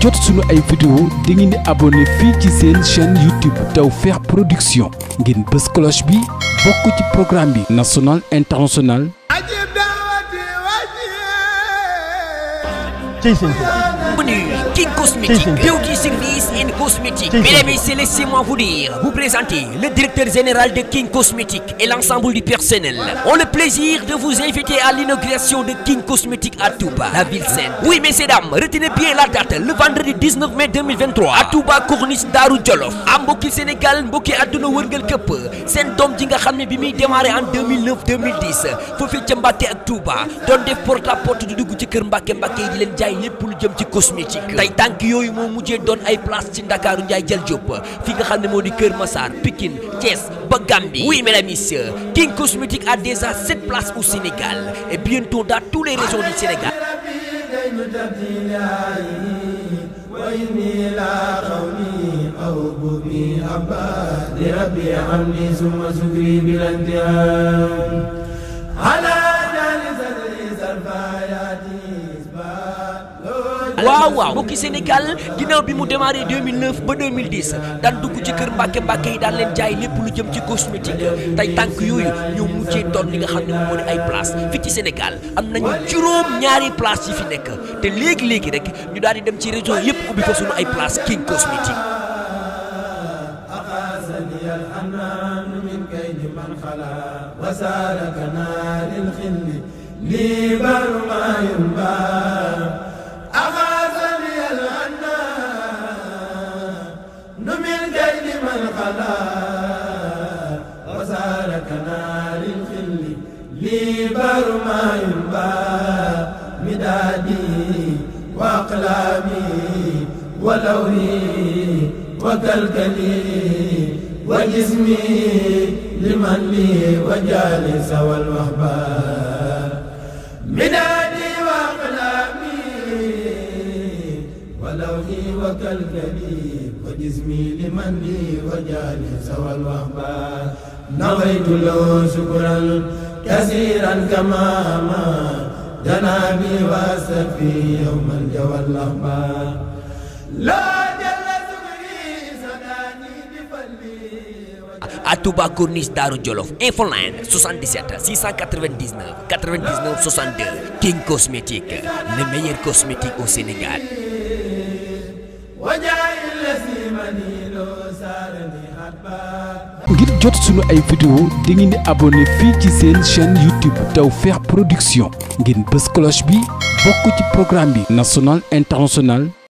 jot suñu ay vidéo da ngeen di abonné fii ci seen chaîne YouTube Tawfekh Production ngeen bës cloche bi bokk ci programme bi national international cey seen Kikos Cosmétique Cosmétique. Mesdames et messieurs, laissez-moi dire, vous présenter le directeur général de King Cosmétique et l'ensemble du personnel. On le plaisir de vous inviter à l'inauguration de King Cosmétique à Touba, la ville Oui, messieurs, dames, retenez bien la date, le vendredi mai à Touba Corniche Daaru Jolof. Am mbokki Sénégal, mbokki àdduna wërngal këpp. Seen ji nga xam ne bi en 2009 2010 ca Mbacké ak Touba doon def porte à porte di dugg ci kër Mbacké Mbacké yi di jaay Ndakaaru Ndiaye Jal fi nga xam ne moo di Kër Massar Pikine Thiès ba Gambie oui mesdames King Cosmétique a déjà sept places au Sénégal et bientôt dans tous les régions du Sénégal وإني لا قولي أوب بي أبا لربي عمي ثم سكري بلا انتهام waaw waaw mbokki Sénégal ginnaaw bi mu démarré 2009 ba 2010 daan dugg ci kër mbàkke mbàkke yi daan leen jaay lépp lu jëm ci cosmétique tey tànk yooyu ñoo mujjee doon li nga xam ne moom moo di ay place fii ci Sénégal am na nañu juróom ñaari place yi fi nekk te léegi-léegi rek ñu daal di dem ci région yëpp ubbi ko suñu ay place King Cosmétique لي بر من خلا وساركنا للخل لي برما ينبى مدادي وأقلامي ولوري وكلكلي وجسمي لمن لي وجالس والوهبان ولوحي وكالكبير وجسمي لمن لي وجالي سوى الوهبان نويت له شكرا كثيرا كما ما جنابي واسفي يوم الجوى الأخبار لا à Touba Corniche Daaru Jolof infoline 77 699 99 62 King Cosmétique le meilleur cosmétique au Sénégal ngir jot sunu ay vidéo di ngeen di abonné fii ci seen chaîne YouTube Tawfekh Production ngeen bës cloche bi bokk ci programme bi national international